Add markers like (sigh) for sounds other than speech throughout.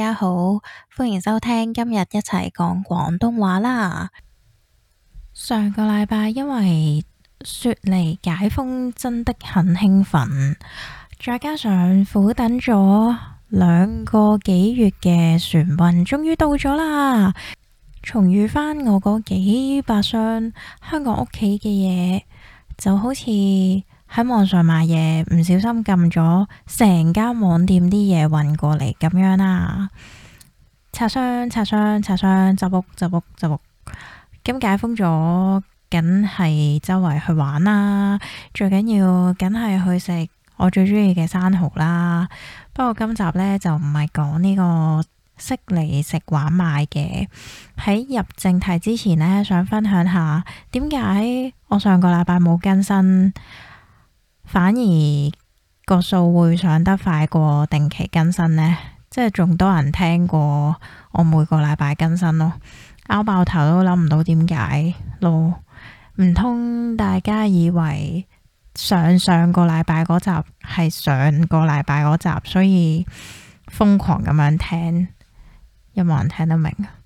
大家好，歡迎收聽今日一齊講廣東話啦。上個禮拜因為雪梨解封，真的很興奮，再加上苦等咗兩個幾月嘅船運終於到咗啦，重遇翻我嗰幾百箱香港屋企嘅嘢，就好似～喺網上買嘢，唔小心撳咗成間網店啲嘢運過嚟，咁樣啦、啊，拆箱拆箱拆箱，執屋執屋執屋。咁解封咗，梗係周圍去玩啦，最緊要梗係去食我最中意嘅生蚝啦。不過今集呢、這個，就唔係講呢個悉尼食玩買嘅。喺入正題之前呢，想分享下點解我上個禮拜冇更新。反而個數會上得快過定期更新呢，即係仲多人聽過我每個禮拜更新咯，拗爆頭都諗唔到點解咯，唔通，大家以為上上個禮拜嗰集係上個禮拜嗰集，所以瘋狂咁樣聽，有冇人聽得明啊？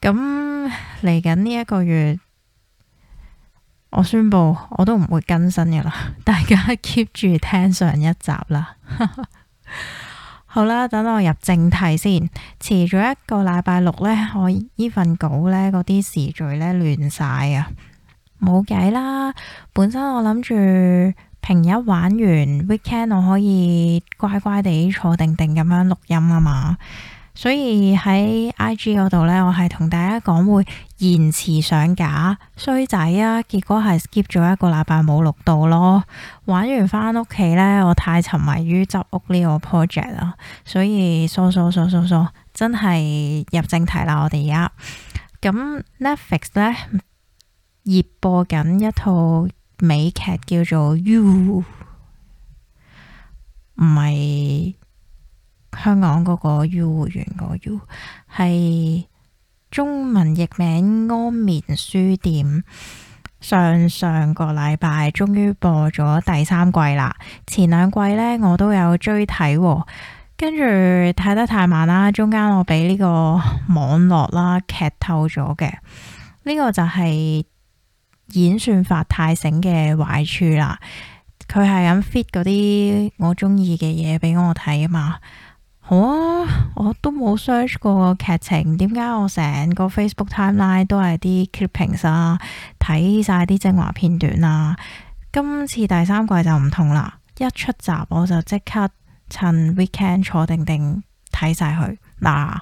咁嚟緊呢一個月，我宣布，我都唔會更新嘅啦，大家 keep 住聽上一集啦。 (laughs) 好啦，等我入正題先。遲咗一個禮拜六呢，我呢份稿呢嗰啲時序呢亂晒啊，冇計啦。本身我諗住平日玩完 weekend，我可以乖乖地坐定定咁樣錄音啊嘛。所以喺 IG 嗰度呢，我係同大家講會延遲上架衰仔啊，結果係 skip 咗一個禮拜冇錄到咯。玩完翻屋企呢，我太沉迷於執屋呢個 project 啦，所以嗦嗦嗦嗦嗦，真係入正題啦，我哋而家咁 Netflix 呢，熱播緊一套美劇叫做 You，唔係。香港嗰個 U 會員嗰個 U 係中文譯名安眠書店。上上個禮拜終於播咗第三季啦。前兩季呢，我都有追睇，跟住睇得太慢啦，中間我俾呢個網絡啦劇透咗嘅。呢、這個就係演算法太醒嘅壞處啦。佢係咁 fit 嗰啲我中意嘅嘢俾我睇啊嘛～好啊、哦！我都冇 search 過劇情，點解我成個 Facebook timeline 都係啲 clippings 啊？睇晒啲精華片段啊！今次第三季就唔同啦，一出集我就即刻趁 weekend 坐定定睇晒佢。嗱，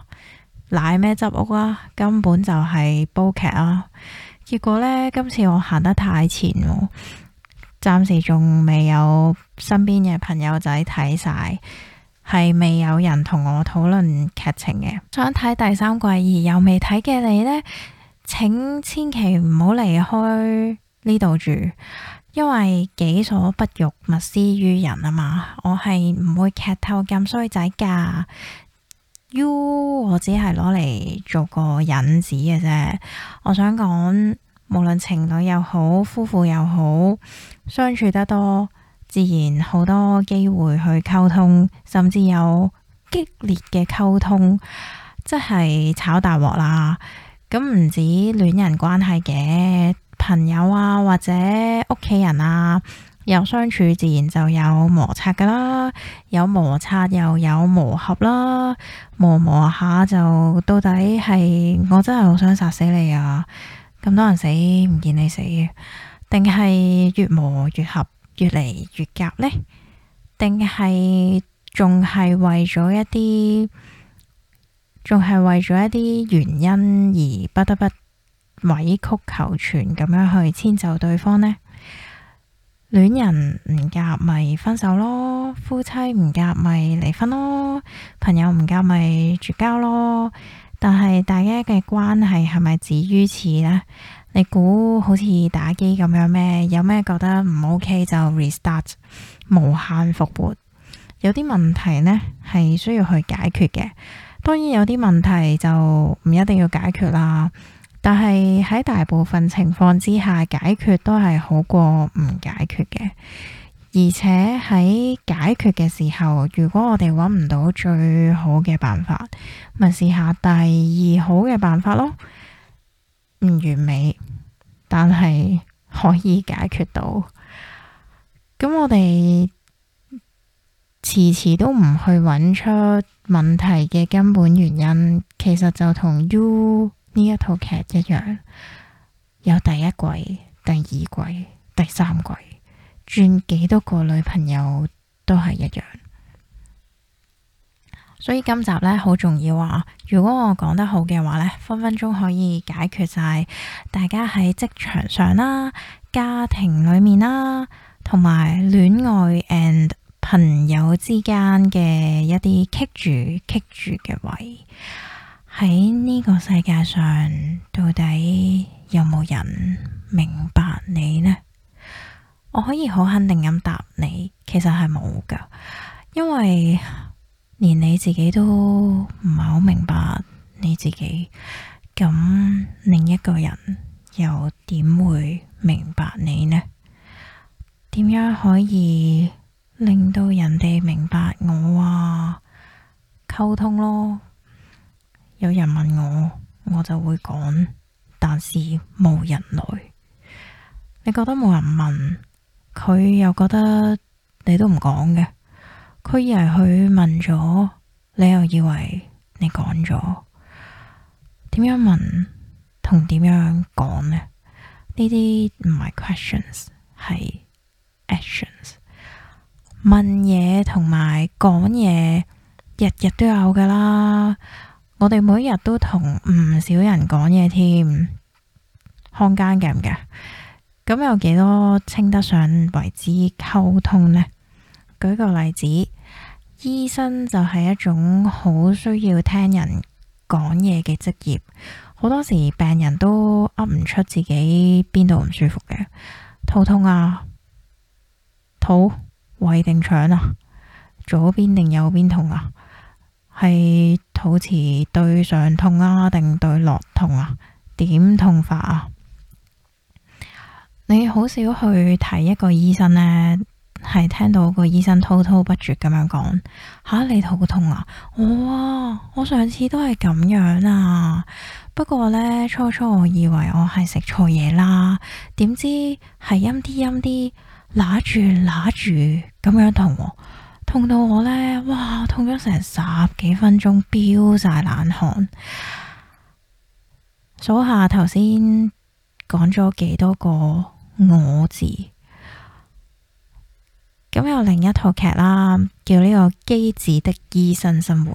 奶咩執屋啊？根本就係煲劇啊！結果呢，今次我行得太前，暫時仲未有身邊嘅朋友仔睇晒。係未有人同我討論劇情嘅，想睇第三季而又未睇嘅你呢？請千祈唔好離開呢度住，因為己所不欲，勿施於人啊嘛。我係唔會劇透咁衰仔㗎，YOU 我只係攞嚟做個引子嘅啫。我想講，無論情侶又好，夫婦又好，相處得多。自然好多機會去溝通，甚至有激烈嘅溝通，即係炒大鑊啦。咁唔止戀人關係嘅，朋友啊，或者屋企人啊，有相處自然就有摩擦噶啦。有摩擦又有磨合啦，磨磨下就到底係我真係好想殺死你啊！咁多人死，唔見你死，定係越磨越合？越嚟越夾呢？定係仲係為咗一啲，仲係為咗一啲原因而不得不委曲求全咁樣去遷就對方呢？戀人唔夾咪分手咯，夫妻唔夾咪離婚咯，朋友唔夾咪絕交咯。但係大家嘅關係係咪止於此呢？你估好似打機咁樣咩？有咩覺得唔 OK 就 restart 無限復活？有啲問題呢係需要去解決嘅。當然有啲問題就唔一定要解決啦。但係喺大部分情況之下，解決都係好過唔解決嘅。而且喺解決嘅時候，如果我哋揾唔到最好嘅辦法，咪試下第二好嘅辦法咯。唔完美，但係可以解決到。咁我哋遲遲都唔去搵出問題嘅根本原因，其實就同 U 呢一套劇一樣，有第一季、第二季、第三季，轉幾多個女朋友都係一樣。所以今集咧，好重要啊！如果我講得好嘅話呢，分分鐘可以解決晒大家喺職場上啦、家庭裏面啦，同埋戀愛 and 朋友之間嘅一啲棘住棘住嘅位。喺呢個世界上，到底有冇人明白你呢？我可以好肯定咁答你，其實係冇噶，因為。連你自己都唔係好明白你自己，咁另一個人又點會明白你呢？點樣可以令到人哋明白我啊？溝通咯。有人問我，我就會講，但是無人來。你覺得冇人問，佢又覺得你都唔講嘅。佢以為佢問咗，你又以為你講咗，點樣問同點樣講呢？呢啲唔係 questions，係 actions。問嘢同埋講嘢，日日都有㗎啦。我哋每日都同唔少人講嘢添，看間嘅唔嘅，咁有幾多稱得上為之溝通呢？舉個例子，醫生就係一種好需要聽人講嘢嘅職業，好多時病人都噏唔出自己邊度唔舒服嘅，肚痛啊，肚胃定腸啊，左邊定右邊痛啊，係肚臍對上痛啊定對落痛啊，點痛法啊？你好少去睇一個醫生呢。係聽到個醫生滔滔不絕咁樣，講，吓、啊、你肚痛啊！哇、哦，我上次都係咁樣啊，不過呢，初初我以為我係食錯嘢啦，點知係陰啲陰啲，拿住拿住咁樣痛、啊，痛到我呢，哇痛咗成十幾分鐘，飆晒冷汗。數下頭先講咗幾多個我字。咁有另一套劇啦，叫呢個《機智的醫生生活》，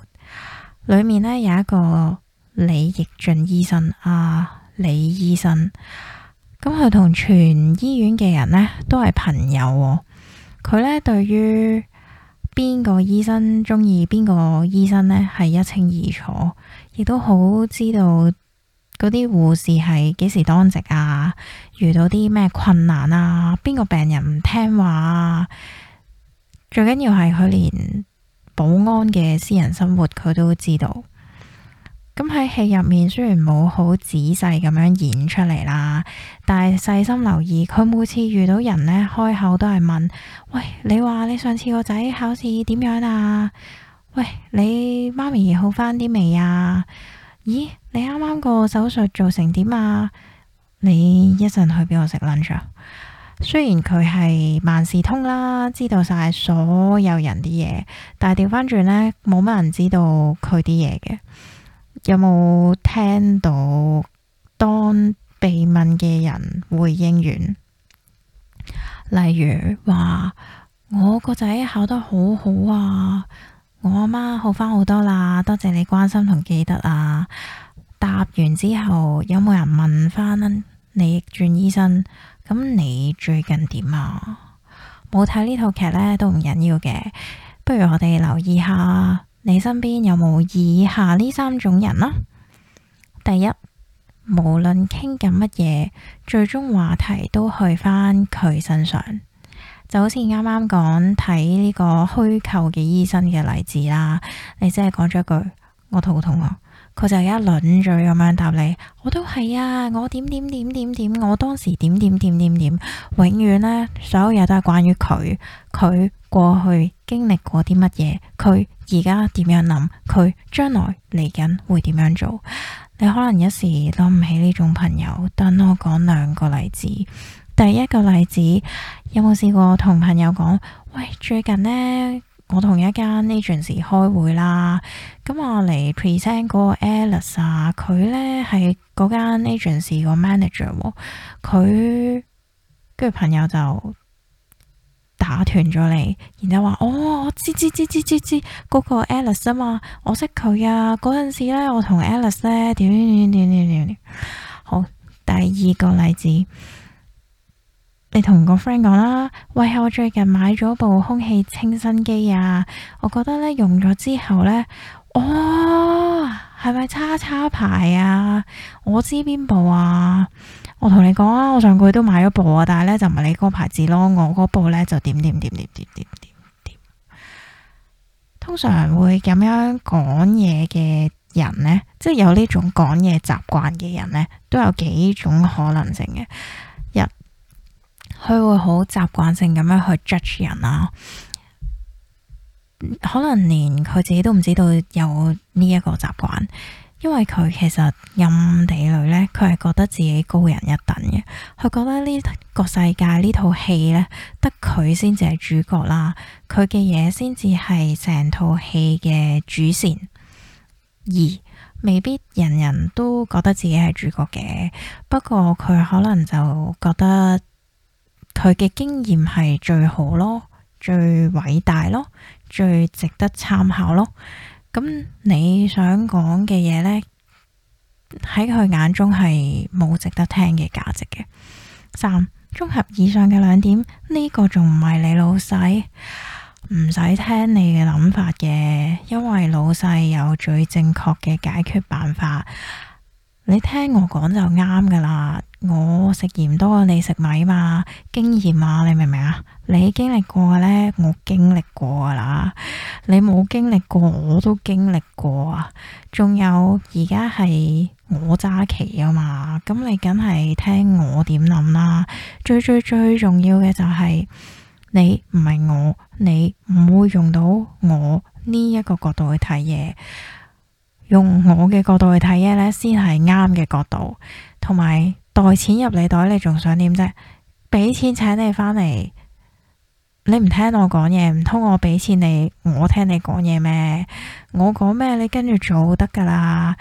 裏面呢，有一個李易俊醫生啊，李醫生，咁佢同全醫院嘅人呢都係朋友，佢呢對於邊個醫生中意邊個醫生呢係一清二楚，亦都好知道嗰啲護士係幾時當值啊，遇到啲咩困難啊，邊個病人唔聽話啊。最緊要係佢連保安嘅私人生活佢都知道。咁喺戲入面雖然冇好仔細咁樣演出嚟啦，但係細心留意，佢每次遇到人呢，開口都係問：喂，你話你上次個仔考試點樣啊？喂，你媽咪好翻啲未啊？咦，你啱啱個手術做成點啊？你一陣去邊度食 lunch 啊？雖然佢係萬事通啦，知道晒所有人啲嘢，但係調翻轉呢，冇乜人知道佢啲嘢嘅。有冇聽到當被問嘅人回應完，例如話我個仔考得好好啊，我阿媽好翻好多啦，多謝你關心同記得啊。答完之後，有冇人問翻呢？你轉醫生，咁你最近點啊？冇睇呢套劇呢都唔緊要嘅，不如我哋留意下你身邊有冇以下呢三種人啦。第一，無論傾緊乜嘢，最終話題都去返佢身上，就好似啱啱講睇呢個虛構嘅醫生嘅例子啦。你只係講咗一句，我肚痛啊。佢就一輪嘴咁樣答你，我都係啊，我點點點點點，我當時點點點點點，永遠呢，所有嘢都係關於佢，佢過去經歷過啲乜嘢，佢而家點樣諗，佢將來嚟緊會點樣做。你可能一時諗唔起呢種朋友，等我講兩個例子。第一個例子，有冇試過同朋友講，喂，最近呢……」我同一間 agency 開會啦，咁啊，嚟 present 嗰個 Alice 啊，佢呢係嗰間 agency 個 manager，佢跟住朋友就打斷咗你，然後話哦，我知知知知知知，嗰個 Alice 啊嘛，我識佢啊，嗰陣時呢，我同 Alice 呢，點點點點點點，好，第二個例子。你同個 friend 講啦，喂，我最近買咗部空氣清新機啊，我覺得咧，用咗之後咧，哇、哦，係咪叉叉牌啊？我知邊部啊？我同你講啊，我上個月都買咗部啊，但係咧，就唔係你嗰個牌子咯，我嗰部咧就點點點點點點點。通常會咁樣講嘢嘅人呢，即係有呢種講嘢習慣嘅人呢，都有幾種可能性嘅。佢會好習慣性咁樣去 judge 人啦，可能連佢自己都唔知道有呢一個習慣，因為佢其實任地女呢，佢係覺得自己高人一等嘅，佢覺得呢個世界呢套戲呢，得佢先至係主角啦，佢嘅嘢先至係成套戲嘅主線，而未必人人都覺得自己係主角嘅，不過佢可能就覺得。佢嘅經驗係最好咯，最偉大咯，最值得參考咯。咁你想講嘅嘢呢，喺佢眼中係冇值得聽嘅價值嘅。三、綜合以上嘅兩點，呢個仲唔係你老細唔使聽你嘅諗法嘅，因為老細有最正確嘅解決辦法。你聽我講就啱噶啦，我食鹽多過你食米嘛，經驗啊，你明唔明啊？你經歷過嘅呢，我經歷過啦。你冇經歷過，我都經歷過啊。仲有而家係我揸旗啊嘛，咁你梗係聽我點諗啦。最最最重要嘅就係，你唔係我，你唔會用到我呢一個角度去睇嘢。用我嘅角度去睇嘢呢，先係啱嘅角度。同埋袋錢入你袋，你仲想點啫？俾錢請你返嚟，你唔聽我講嘢，唔通我俾錢你，我聽你講嘢咩？我講咩，你跟住做得噶啦。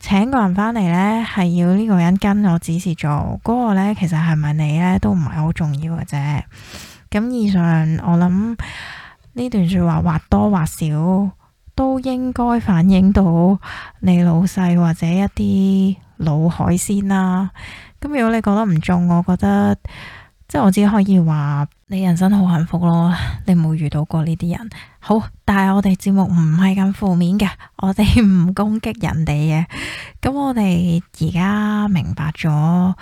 請個人返嚟呢，係要呢個人跟我指示做。嗰個呢，其實係咪你呢？都唔係好重要嘅啫。咁以上，我諗呢段說話或多或少，都應該反映到你老細或者一啲老海鮮啦。咁如果你覺得唔中，我覺得即係我只可以話你人生好幸福咯，你冇遇到過呢啲人。好，但係我哋節目唔係咁負面嘅，我哋唔攻擊人哋嘅。咁我哋而家明白咗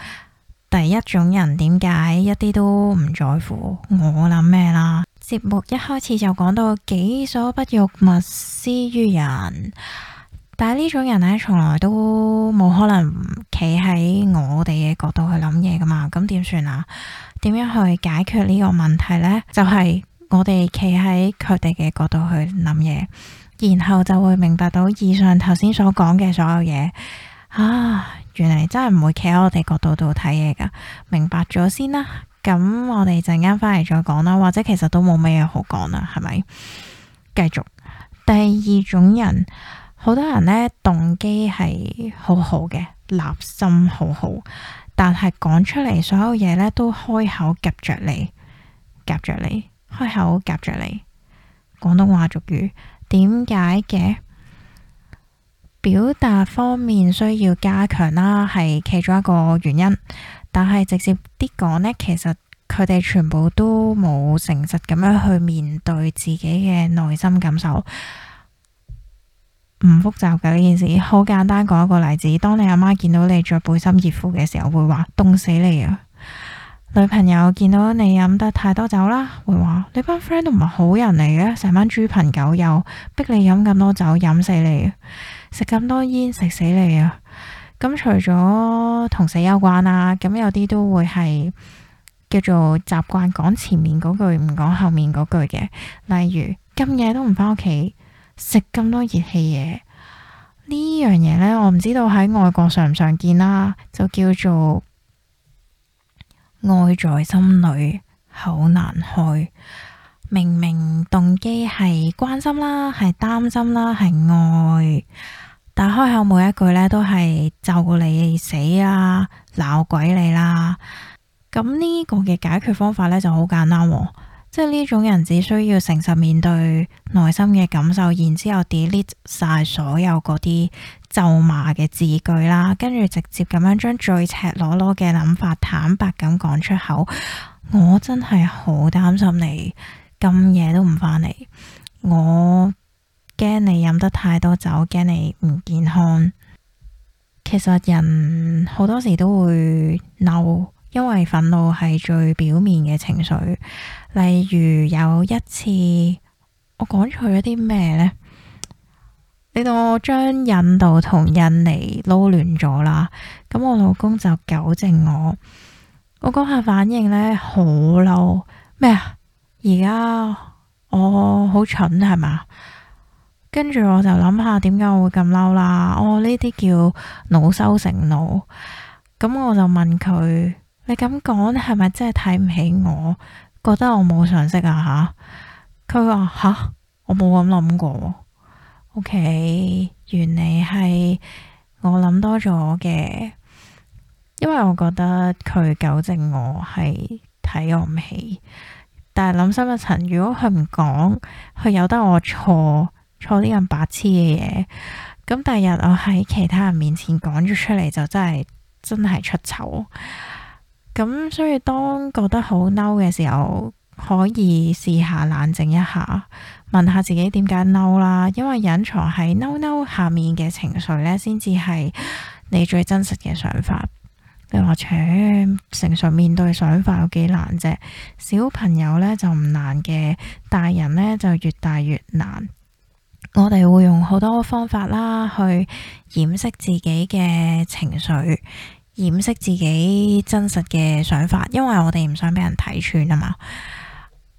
第一種人點解一啲都唔在乎我諗咩啦。節目一開始就講到己所不欲，勿施於人，但係呢種人呢，從來都冇可能企喺我哋嘅角度去諗嘢噶嘛，咁點算啊？點樣去解決呢個問題呢？就係我哋企喺佢哋嘅角度去諗嘢，然後就會明白到以上頭先所講嘅所有嘢。啊，原嚟真係唔會企喺我哋角度度睇嘢噶，明白咗先啦。咁我哋陣間返嚟再講啦，或者其實都冇咩嘢好講啦，係咪？繼續第二種人，好多人呢，動機係好好嘅，立心好好，但係講出嚟所有嘢呢，都開口夾着脷，夾着脷，開口夾着脷。廣東話俗語，點解嘅？表達方面需要加強啦，係其中一個原因。但係直接啲講呢，其實佢哋全部都冇誠實咁樣去面對自己嘅內心感受，唔複雜嘅呢件事，好簡單。講一個例子：當你阿媽見到你着背心熱褲嘅時候，會話凍死你啊！女朋友見到你飲得太多酒啦，會話你班 friend 都唔係好人嚟嘅，成班豬朋狗友逼你飲咁多酒，飲死你啊！食咁多煙，食死你啊！咁除咗同死有關啦，咁有啲都會係叫做習慣講前面嗰句，唔講後面嗰句嘅。例如咁夜都唔返屋企，食咁多熱氣嘢呢樣嘢呢，我唔知道喺外國常唔常見啦。就叫做愛在心裏好難開，明明動機係關心啦，係擔心啦，係愛。打開口每一句咧都係咒你死啊，鬧鬼你啦，咁呢個嘅解決方法咧就好簡單，即係呢種人只需要誠實面對內心嘅感受，然之後 delete 晒所有嗰啲咒罵嘅字句啦，跟住直接咁樣將最赤裸裸嘅諗法坦白咁講出口。我真係好擔心你咁夜都唔返嚟，我。驚你飲得太多酒，驚你唔健康。其實人好多時都會嬲，因為憤怒係最表面嘅情緒。例如有一次，我講錯咗啲咩呢？你當我將印度同印尼撈亂咗啦，咁我老公就糾正我。我嗰下反應呢，好嬲咩啊？而家我好蠢係嘛？跟住我就諗下點解我會咁嬲啦。我呢啲叫惱羞成怒。咁我就問佢：你咁講係咪真係睇唔起我？覺得我冇常識啊？吓，佢話吓，我冇咁諗過。OK，原來係我諗多咗嘅，因為我覺得佢糾正我係睇我唔起。但係諗深一層，如果佢唔講，佢由得我錯，錯啲咁白痴嘅嘢，咁第日我喺其他人面前講咗出嚟，就真係真係出醜。咁所以當覺得好嬲嘅時候，可以試下冷靜一下，問下自己點解嬲啦。因為隱藏喺嬲嬲下面嘅情緒呢，先至係你最真實嘅想法。你話扯，成熟面對想法有幾難啫？小朋友呢就唔難嘅，大人呢就越大越難。我哋會用好多方法啦，去掩飾自己嘅情緒，掩飾自己真實嘅想法，因為我哋唔想俾人睇穿啊嘛。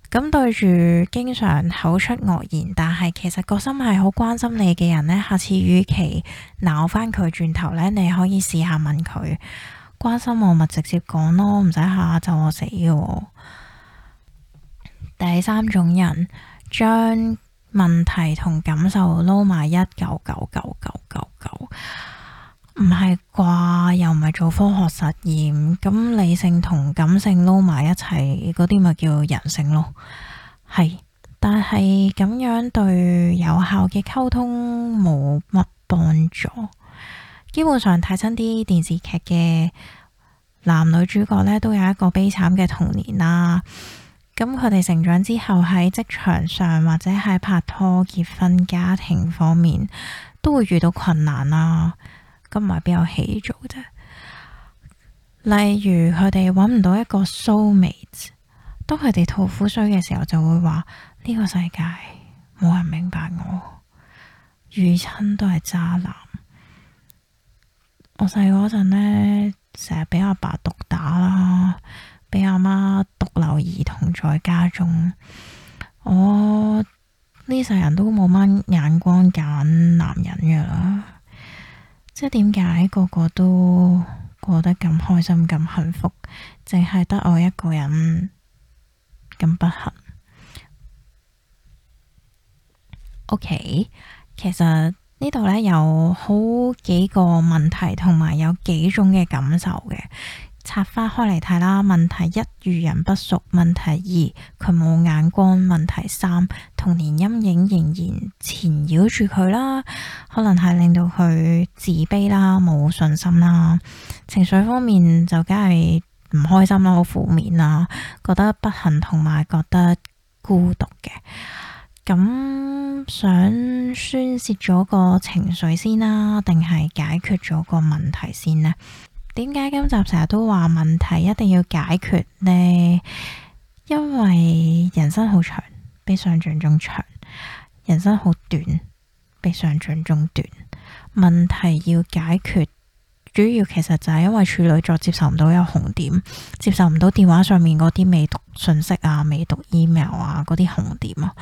咁對住經常口出惡言，但係其實個心係好關心你嘅人呢，下次與其鬧翻佢轉頭呢，你可以試下問佢，關心我咪直接講咯，唔使下下咒我死。第三種人將問題同感受撈埋一九九九九九九，唔係啩？又唔係做科學實驗咁，理性同感性撈埋一齊，嗰啲咪叫人性咯。係，但係咁樣對有效嘅溝通冇乜幫助。基本上睇親啲電視劇嘅男女主角呢，都有一個悲慘嘅童年啦。咁佢哋成長之後，喺職場上或者喺拍拖結婚、家庭方面都會遇到困難啦，咁咪比較起早啫？例如佢哋揾唔到一個 soulmate，當佢哋吐苦水嘅時候，就會話呢個世界冇人明白我，遇親都係渣男。我細嗰陣呢，成日俾阿爸毒打啦。俾阿媽獨留兒童在家中，我呢世人都冇乜眼光揀男人嘅啦。即係點解個個都過得咁開心咁幸福，淨係得我一個人咁不幸？OK，其實呢度呢有好幾個問題，同埋有幾種嘅感受嘅。拆返開嚟睇啦，問題一遇人不淑；問題二佢冇眼光，問題三童年陰影仍然纏繞住佢啦，可能係令到佢自卑啦，冇信心啦，情緒方面就梗係唔開心啦，好負面啦，覺得不幸同埋覺得孤獨嘅。咁想宣泄咗個情緒先啦，定係解決咗個問題先呢？點解今集成日都話問題一定要解決呢？因為人生好長，比想像中長；人生好短，比想像中短。問題要解決，主要其實就係因為處女座接受唔到有紅點，接受唔到電話上面嗰啲未讀信息啊、未讀 email 啊嗰啲紅點啊。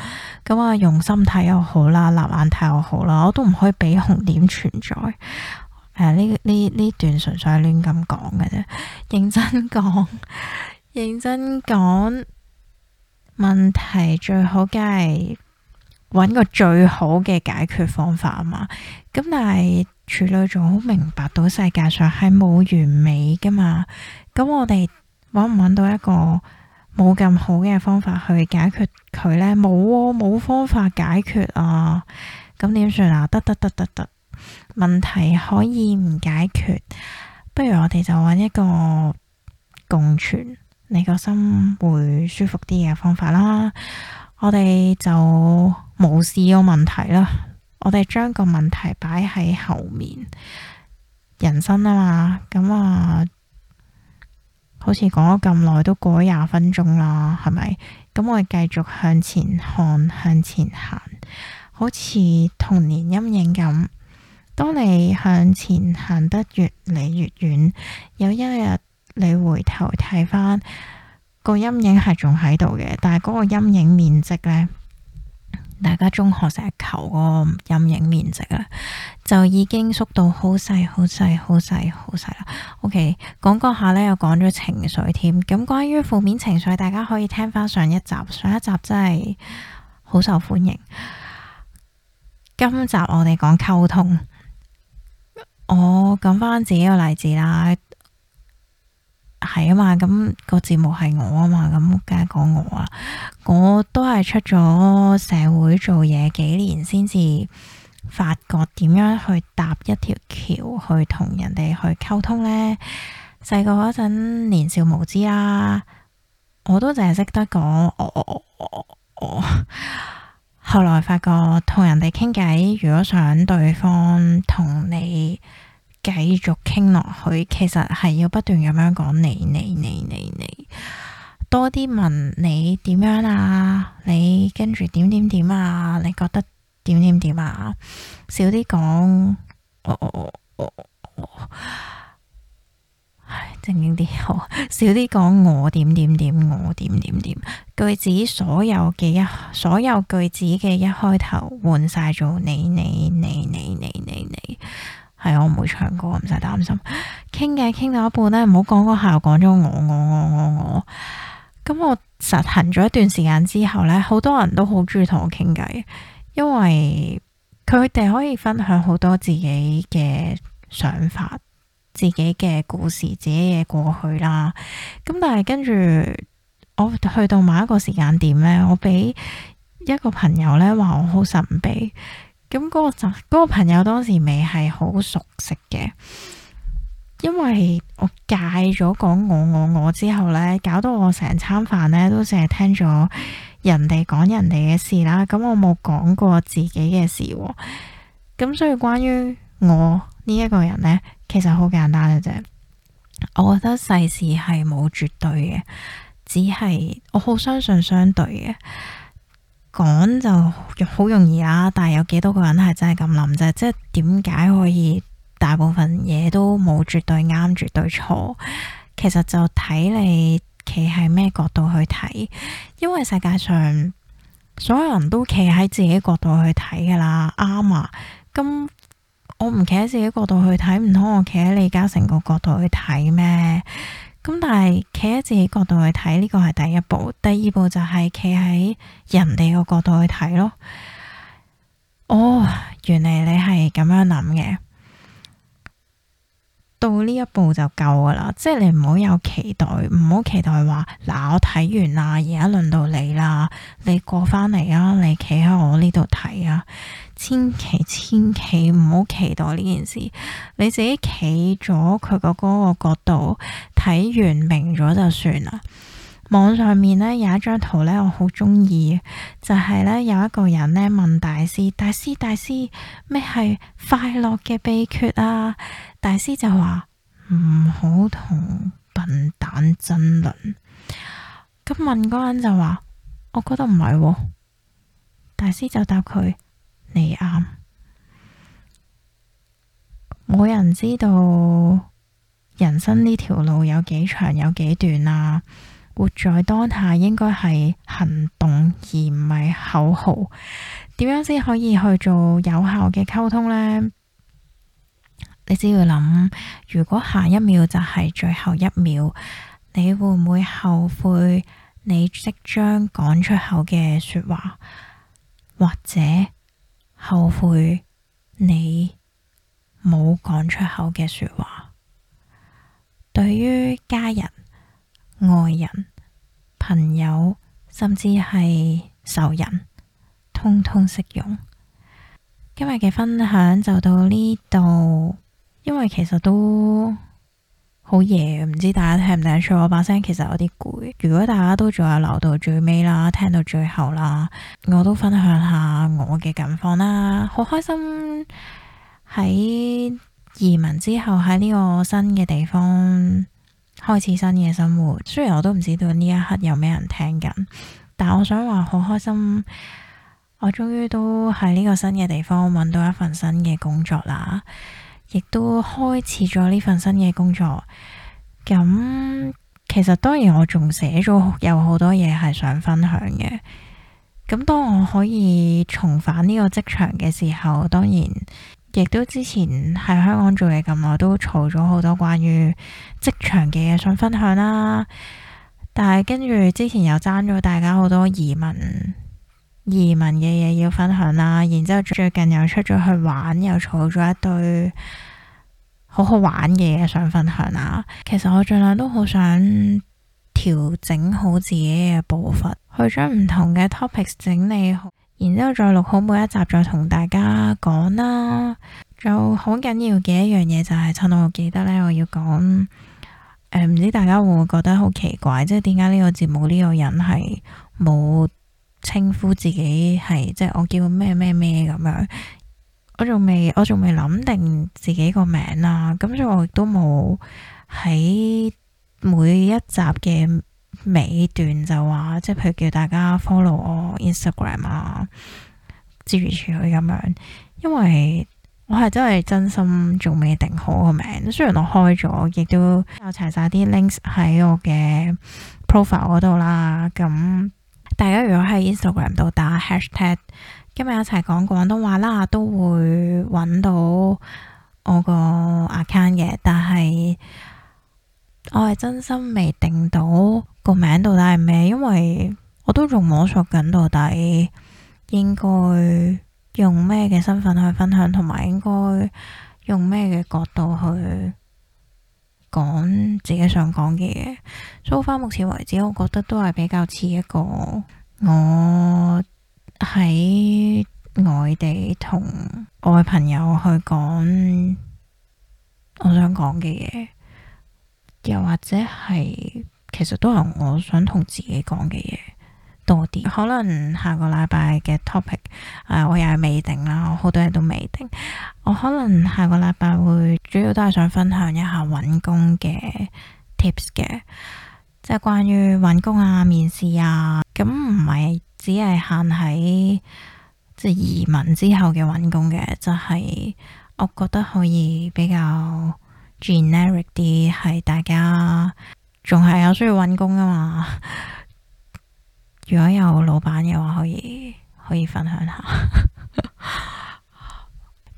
咁啊，用心睇又好啦，立眼睇又好啦，我都唔可以俾紅點存在。誒，呢呢呢段純粹亂咁講嘅啫。認真講，認真講，問題最好梗係揾個最好嘅解決方法啊嘛。咁但係處女仲好明白到世界上係冇完美噶嘛。咁我哋揾唔揾到一個冇咁好嘅方法去解決佢呢？冇喎，冇方法解決啊。咁點算啊？得得得得得。問題可以唔解決，不如我哋就揾一個共存，你個心會舒服啲嘅方法啦。我哋就無視個問題啦。我哋將個問題擺喺後面，人生啊嘛，咁啊，好似講咗咁耐，都過咗廿分鐘啦，係咪？咁我哋繼續向前看，向前行，好似童年陰影咁。當你向前行得越嚟越遠，有一日你回頭睇返個陰影係仲喺度嘅，但係嗰個陰影面積呢，大家中學成日求個陰影面積啊，就已經縮到好細、好細、好細、好細啦。OK，講嗰下呢，又講咗情緒添，咁關於負面情緒，大家可以聽翻上，上一集，上一集真係好受歡迎。今集我哋講溝通。我講翻自己個例子啦，係啊嘛，咁、個節目係我啊嘛，咁梗係講我啊。我都係出咗社會做嘢幾年，先至發覺點樣去搭一條橋去同人哋去溝通呢。細個嗰陣年少無知啦，我都淨係識得講我我我我。哦後來發覺同人哋傾偈，如果想對方同你繼續傾落去，其實係要不斷咁樣講你你你你你，多啲問你點樣啊，你跟住點點點啊，你覺得點點點啊，少啲講我我我我正經啲好，少啲講我點點點，我點點點。句子所有嘅一，所有句子嘅一開頭換晒做你你你你你你你，係、哎、我唔會唱歌，唔使擔心。傾偈傾到一半咧，唔好講個效講咗我我我我我。咁我實行咗一段時間之後咧，好多人都好中意同我傾偈，因為佢哋可以分享好多自己嘅想法。自己嘅故事，自己嘅過去啦。咁但係跟住我去到某一個時間點呢，我俾一個朋友呢話我好神秘。咁嗰個嗰個朋友當時未係好熟悉嘅，因為我戒咗講我我我之後呢，搞到我成餐飯呢都淨係聽咗人哋講人哋嘅事啦。咁我冇講過自己嘅事，咁所以關於我呢一個人呢。其實好簡單嘅啫，我覺得世事係冇絕對嘅，只係我好相信相對嘅講就好容易啦。但係有幾多個人係真係咁諗啫？即係點解可以大部分嘢都冇絕對啱，絕對錯？其實就睇你企喺咩角度去睇，因為世界上所有人都企喺自己角度去睇噶啦，啱啊，咁。我唔企喺自己角度去睇，唔通我企喺李嘉誠個角度去睇咩？咁但係企喺自己角度去睇呢個係第一步，第二步就係企喺人哋個角度去睇咯。哦，原嚟你係咁樣諗嘅。到呢一步就夠噶啦，即係你唔好有期待，唔好期待話，嗱，我睇完啦，而家輪到你啦，你過返嚟啊，你企喺我呢度睇啊，千祈千祈唔好期待呢件事，你自己企咗佢個嗰個角度睇完明咗就算啦。網上面呢有一張圖呢我好中意，就係呢。有一個人呢問大師，大師，大師，大師咩係快樂嘅秘訣啊？大師就話唔好同笨蛋爭論。咁問嗰人就話，我覺得唔係。大師就答佢，你啱。冇人知道人生呢條路有幾長，有幾短啊！活在當下應該係行動而唔係口號。點樣先可以去做有效嘅溝通呢？你只要諗，如果下一秒就係最後一秒，你會唔會後悔你即將講出口嘅說話，或者後悔你冇講出口嘅說話？對於家人。愛人、朋友，甚至係仇人，通通適用。今日嘅分享就到呢度，因為其實都好夜，唔知大家聽唔聽得著。我把聲其實有啲攰。如果大家都仲有留到最尾啦，聽到最後啦，我都分享下我嘅近況啦。好開心喺移民之後喺呢個新嘅地方，開始新嘅生活，雖然我都唔知道呢一刻有咩人聽緊，但我想話好開心，我終於都喺呢個新嘅地方搵到一份新嘅工作啦，亦都開始咗呢份新嘅工作。咁其實當然我仲寫咗有好多嘢係想分享嘅。咁當我可以重返呢個職場嘅時候，當然。亦都之前喺香港做嘢咁耐，都儲咗好多關於職場嘅嘢想分享啦。但係跟住之前又爭咗大家好多移民、移民嘅嘢要分享啦。然之後最近又出咗去玩，又儲咗一堆好好玩嘅嘢想分享啦。其實我盡量都好想調整好自己嘅步伐，去將唔同嘅 topics 整理好。然之後再錄好每一集再同大家講啦，有就好緊要嘅一樣嘢，就係趁我記得呢，我要講。唔知大家會唔會覺得好奇怪，即係點解呢個節目呢個人係冇稱呼自己係即係我叫咩咩咩咁樣，我仲未我仲未諗定自己個名啦，咁所以我亦都冇喺每一集嘅。尾段就話，即係譬如叫大家 follow 我 Instagram 啊，諸如此類咁樣。因為我係真係真心仲未定好個名，雖然我開咗，亦都有齊晒啲 links 喺我嘅 profile 嗰度啦。咁大家如果喺 Instagram 度打 hashtag 今日一齊講廣東話啦，都會揾到我個 account 嘅。但係我係真心未定到。個名到底係咩？因為我都仲摸索緊，到底應該用咩嘅身份去分享，同埋應該用咩嘅角度去講自己想講嘅嘢。所以翻目前為止，我覺得都係比較似一個我喺外地同我嘅朋友去講我想講嘅嘢，又或者係。其實都係我想同自己講嘅嘢多啲，可能下個禮拜嘅 topic 啊，我又係未定啦，好多人都未定。我可能下個禮拜會主要都係想分享一下揾工嘅 tips 嘅，即係關於搵工啊、面試啊，咁唔係只係限喺即係移民之後嘅揾工嘅，就係、是、我覺得可以比較 generic 啲，係大家。仲係有需要揾工㗎嘛？如果有老闆嘅話，可以可以分享下，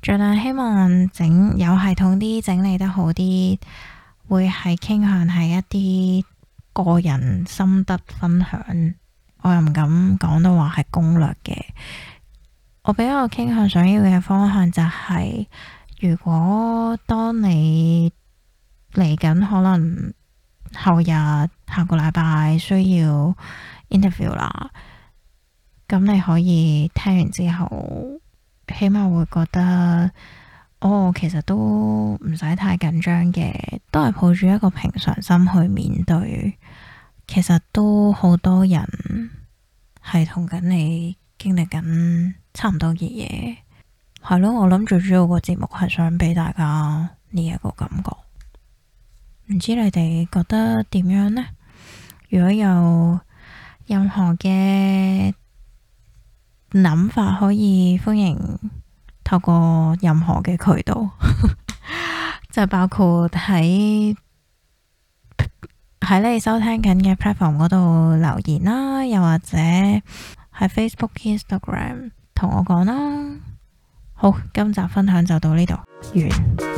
盡 (laughs) 量希望整有系統啲，整理得好啲，會係傾向係一啲個人心得分享。我又唔敢講到話係攻略嘅。我比較傾向想要嘅方向就係、是，如果當你嚟緊可能。後日下個禮拜需要 interview 啦，咁你可以聽完之後，起碼會覺得，哦，其實都唔使太緊張嘅，都係抱住一個平常心去面對。其實都好多人係同緊你經歷緊差唔多嘅嘢，係咯。我諗最主要個節目係想俾大家呢一個感覺。唔知你哋覺得點樣呢？如果有任何嘅諗法，可以歡迎透過任何嘅渠道， (laughs) 就包括喺喺你收聽緊嘅 platform 嗰度留言啦，又或者喺 Facebook、Instagram 同我講啦。好，今集分享就到呢度，完。